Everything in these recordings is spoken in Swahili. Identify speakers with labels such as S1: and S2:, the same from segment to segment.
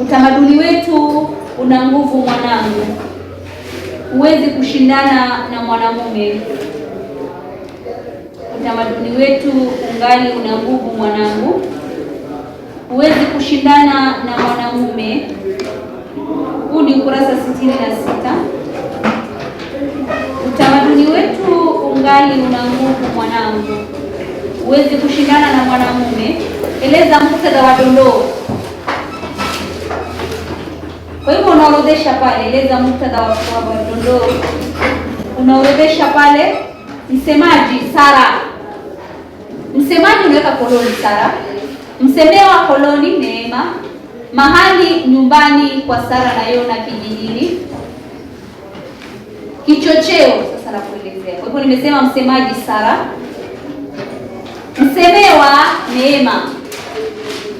S1: Utamaduni wetu una nguvu mwanangu, huwezi kushindana na mwanamume. Utamaduni wetu ungali una nguvu mwanangu, huwezi kushindana na mwanamume. Huu ni ukurasa 66. Utamaduni wetu ungali una nguvu mwanangu, huwezi kushindana na mwanamume. Eleza muktadha wa dondoo kwa hivyo unaorodhesha pale, eleza muktadha wa dondoo, unaorodhesha pale msemaji Sara, msemaji unaweka koloni Sara, msemewa koloni Neema, mahali nyumbani kwa Sara na Yona kijijini, kichocheo sasa kuelezea. Kwa hivyo nimesema msemaji Sara, msemewa Neema,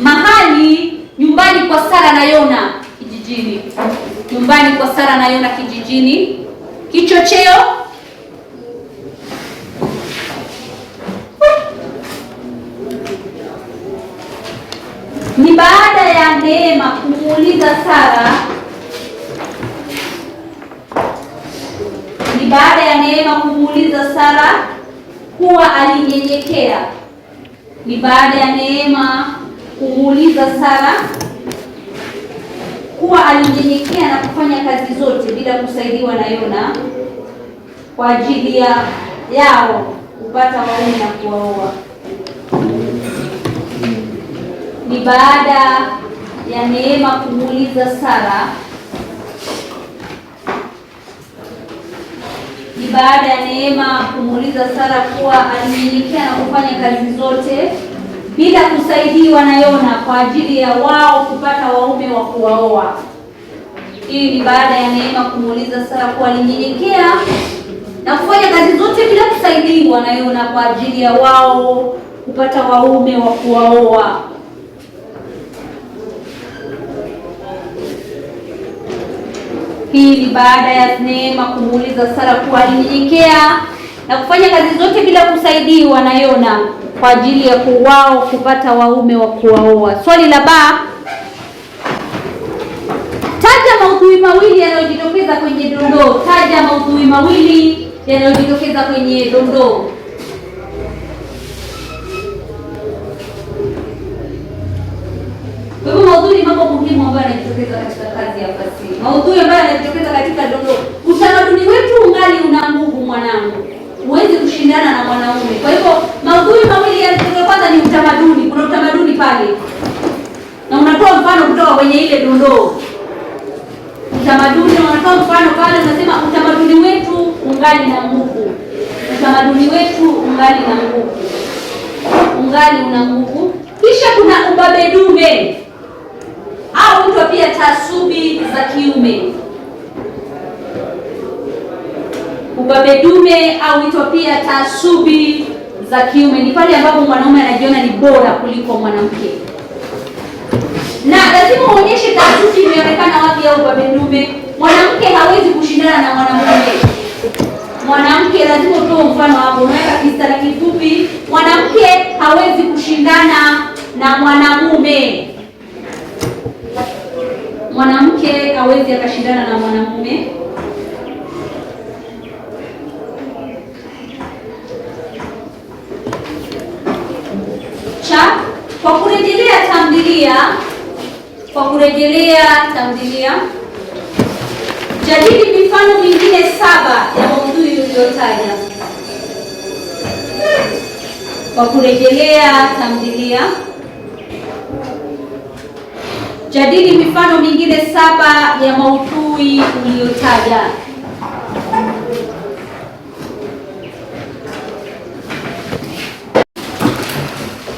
S1: mahali nyumbani kwa Sara na Yona kijijini, nyumbani kwa Sara na Yona kijijini, kichocheo ni baada ya Neema kumuuliza Sara, ni baada ya Neema kumuuliza Sara kuwa alinyenyekea, ni baada ya Neema kumuuliza Sara kuwa alinyenyekea na kufanya kazi zote bila kusaidiwa na Yona kwa ajili ya yao kupata waume na kuwaoa. Ni baada ya Neema kumuuliza Sara, ni baada ya Neema kumuuliza Sara kuwa alinyenyekea na kufanya kazi zote bila kusaidiwa na Yona kwa ajili ya wao kupata waume wa kuwaoa. Hii ni baada ya Neema kumuuliza Sara kuwa alinyenyekea na kufanya kazi zote bila kusaidiwa na Yona kwa ajili ya wao kupata waume wa kuwaoa. Hii ni baada ya Neema kumuuliza Sara kuwa alinyenyekea na kufanya kazi zote bila kusaidiwa na Yona kwa ajili ya kuwao kupata waume wa kuwaoa. Swali la ba, taja maudhui mawili yanayojitokeza kwenye dondoo. Taja maudhui mawili yanayojitokeza kwenye dondoo. Kwa hivyo maudhui ni mambo muhimu ambayo yanajitokeza katika kazi ya fasihi, maudhui ambayo yanajitokeza katika dondoo. Utamaduni wetu ungali una nguvu mwanangu huwezi kushindana na mwanaume. Kwa hivyo maudhui mawili ya kwanza ni utamaduni. Kuna utamaduni pale, na unatoa mfano kutoka kwenye ile dondoo utamaduni, na unatoa mfano pale, unasema utamaduni wetu ungali na nguvu, utamaduni wetu ungali na nguvu, ungali una nguvu. Kisha kuna ubabe dume au mtu pia taasubi za kiume Ubabe dume au pia taasubi za kiume ni pale ambapo mwanaume anajiona ni bora kuliko mwanamke, na lazima uonyeshe taasubi imeonekana wapi au ubabe dume. Mwanamke hawezi kushindana na mwanamume. Mwanamke lazima utoe mfano hapo, unaweka kistara kifupi. Mwanamke hawezi kushindana na mwanamume, mwanamke hawezi akashindana na mwanamume. Kwa kurejelea tamthilia, kwa kurejelea tamthilia, jadili mifano mingine saba ya maudhui uliyotaja. Kwa kurejelea tamthilia, jadili mifano mingine saba ya maudhui uliyotaja.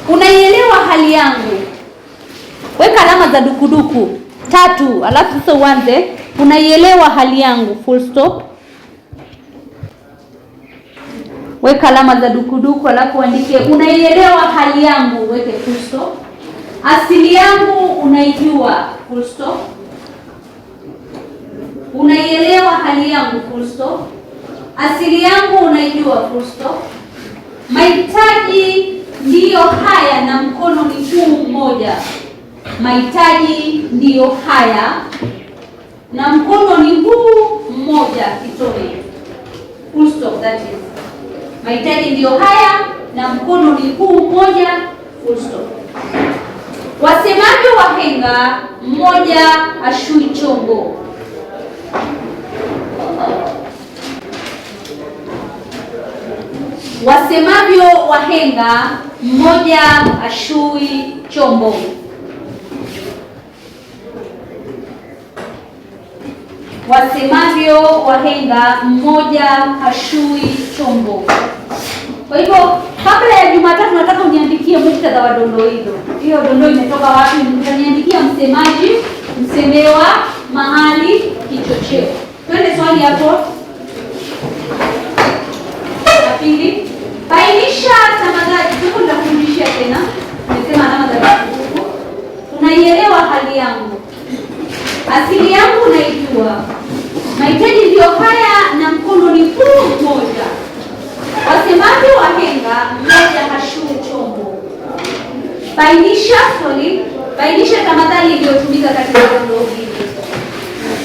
S1: Kuna hali yangu, weka alama za dukuduku tatu, alafu sasa uanze, unaielewa hali yangu, full stop. Weka alama za dukuduku, alafu andike unaielewa hali yangu, weke full stop. Asili yangu unaijua, full stop. Unaielewa hali yangu, full stop. Asili yangu unaijua, full stop. Mahitaji ndiyo haya na mkono ni huu mmoja. Mahitaji ndiyo haya na mkono ni huu mmoja kitoe. Full stop, that is. Mahitaji ndiyo haya na mkono ni huu mmoja. Full stop. Wasemavyo wahenga, mmoja ashui chongo. Wasemavyo wahenga, mmoja ashui chombo. Wasemavyo wahenga, mmoja hashui chombo. Kwa hivyo kabla ya Jumatatu nataka uniandikie muktadha wa dondo hizo. Hiyo dondo imetoka wapi? Utaniandikia msemaji, msemewa, mahali, kichocheo. Twende swali hapo. Asili yangu naijua, mahitaji ndiyo haya, na mkono ni huu mmoja. Wasemavyo wahenga, mmoja hashuu chombo. Bainisha swali, bainisha tamathali iliyotumika katika jambo hili.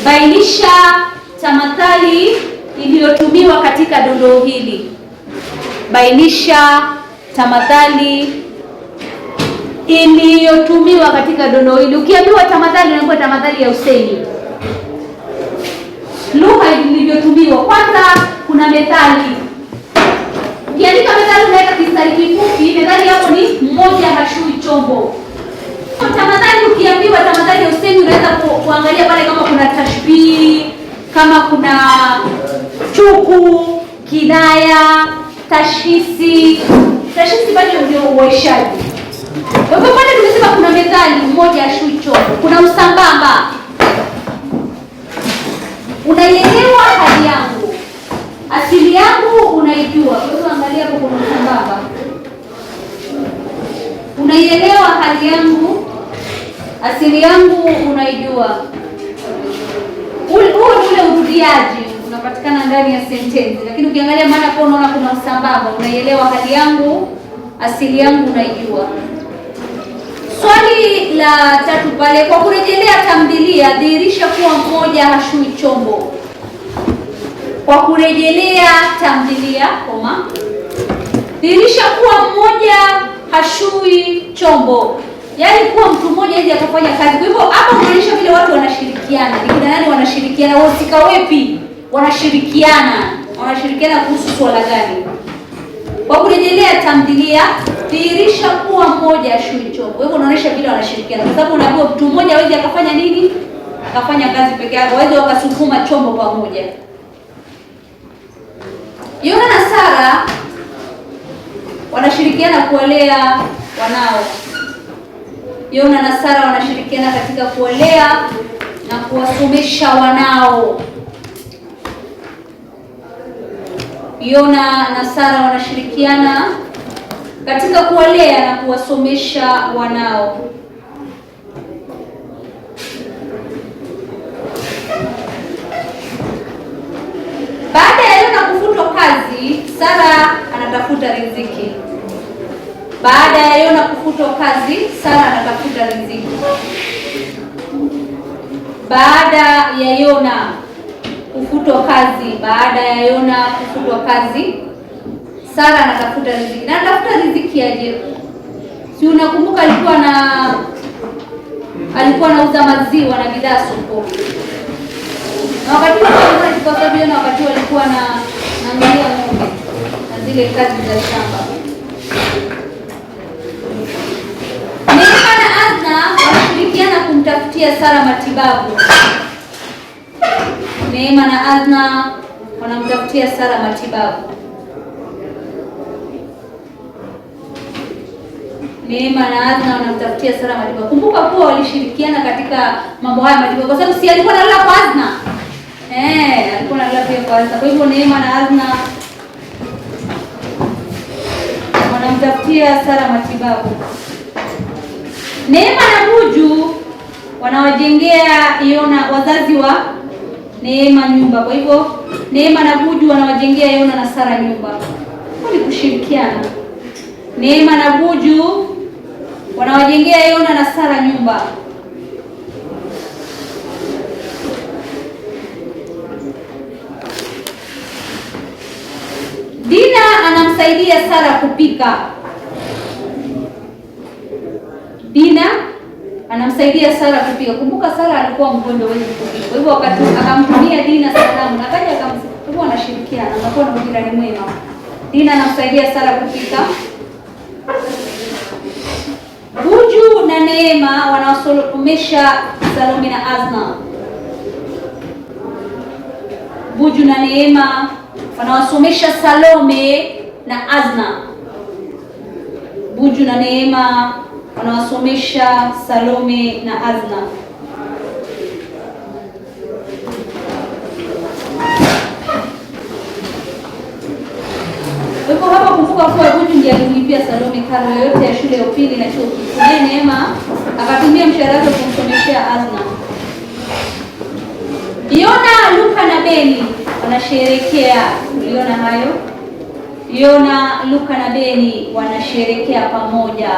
S1: Bainisha tamathali iliyotumiwa katika dondoo hili. Bainisha tamathali iliyotumiwa katika dono hili. Ukiambiwa tamathali, unaambiwa tamathali ya useni lugha ilivyotumiwa. Kwanza kuna methali, ukiandika methali unaweka kistari kifupi. Methali hapo ni mmoja hashui chombo. Tamathali, ukiambiwa tamathali ya useni unaweza kuangalia pale kama kuna tashbihi, kama kuna chuku, kinaya, tashhisi. Tashhisi bado ndio uwaishaji pale tumesema kuna methali mmoja ya shucho, kuna msambamba. Unaielewa hali yangu, asili yangu unaijua. Kwa hiyo angalia hapo, kuna msambamba. Unaielewa hali yangu, asili yangu unaijua. Huo ule urudiaji unapatikana ndani ya sentensi, lakini ukiangalia maana kwa unaona kuna usambamba Unaielewa hali yangu, asili yangu unaijua. Swali la tatu pale, kwa kurejelea tamthilia, dhihirisha kuwa mmoja hashui chombo. Kwa kurejelea tamthilia koma, dhihirisha kuwa mmoja hashui chombo, yaani kuwa mtu mmoja hivi akafanya kazi. Kwa hivyo hapa unaonyesha vile watu wanashirikiana, nikina nani wanashirikiana, wahusika wepi wanashirikiana, wanashirikiana kuhusu swala gani? Kwa kurejelea tamthilia dhihirisha kuwa moja chombo. Kwa hivyo unaonesha vile wanashirikiana, kwa sababu unaambiwa mtu mmoja hawezi akafanya nini, akafanya kazi peke yake, hawezi wakasukuma chombo pamoja. Yona na Sara wanashirikiana kuwalea wanao. Yona na Sara wanashirikiana katika kuwalea na kuwasomesha wanao. Yona na Sara wanashirikiana katika kuwalea na kuwasomesha wanao. Baada ya Yona kufutwa kazi, Sara anatafuta riziki. Baada ya Yona kufutwa kazi, Sara anatafuta riziki. Baada ya Yona kufutwa kazi, baada ya Yona kufutwa kazi Sara anatafuta riziki na anatafuta riziki aje? Si unakumbuka alikuwa na alikuwa anauza maziwa na bidhaa sokoni, na wakati alikuwa sababu na wakati walikuwa na nangilia ng'ombe na zile kazi za shamba. Neema na Azna wanashirikiana kumtafutia Sara matibabu. Neema na Azna wanamtafutia Sara matibabu. neema na adna wanamtafutia Sara Madiba. Kumbuka kuwa walishirikiana katika mambo haya Madiba, kwa sababu si alikuwa analala kwa Azna eh, alikuwa analala pia kwa Azna. Kwa hivyo neema na Azna wanamtafutia Sara matibabu. Neema na Buju wanawajengea Yona wazazi wa Neema nyumba. Kwa hivyo Neema na Buju wanawajengea Yona na Sara nyumba. Ni kushirikiana. Neema na Buju wanawajengea Yona na Sara nyumba. Dina anamsaidia Sara kupika. Dina anamsaidia Sara kupika. Kumbuka Sara alikuwa mgonjwa wenye kupika, kwa hivyo wakati akamtumia Dina salamu, akaja akamsaidia, wanashirikiana, anakuwa na ujirani mwema. Dina anamsaidia Sara kupika. na neema wanaosulukumisha Salumi na Azma, Buju na Neema wanaosuluhisha Salome na Azma, Buju na Neema wanaosuluhisha Salome na Azma. Uko hapa kuvuka kwa msingi alimlipia Salome karo yote ya shule ya upili na chuo kikuu, naye Neema akatumia mshahara wake kumsomeshea Azna. Yona, Luka na Beni wanasherekea. Uliona hayo? Yona, Luka na Beni wanasherekea pamoja.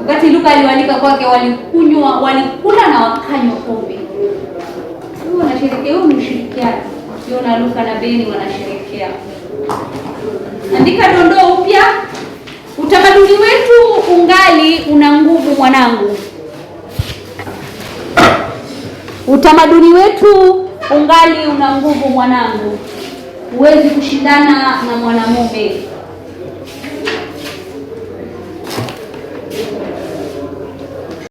S1: Wakati Luka aliwaandika kwake, walikunywa, walikula na wakanywa pombe. Wanasherekea, huyu ni ushirikiano. Yona, Luka na Beni wanasherekea. Andika dondoo upya. Utamaduni wetu ungali una nguvu mwanangu, utamaduni wetu ungali una nguvu mwanangu. Huwezi kushindana na mwanamume.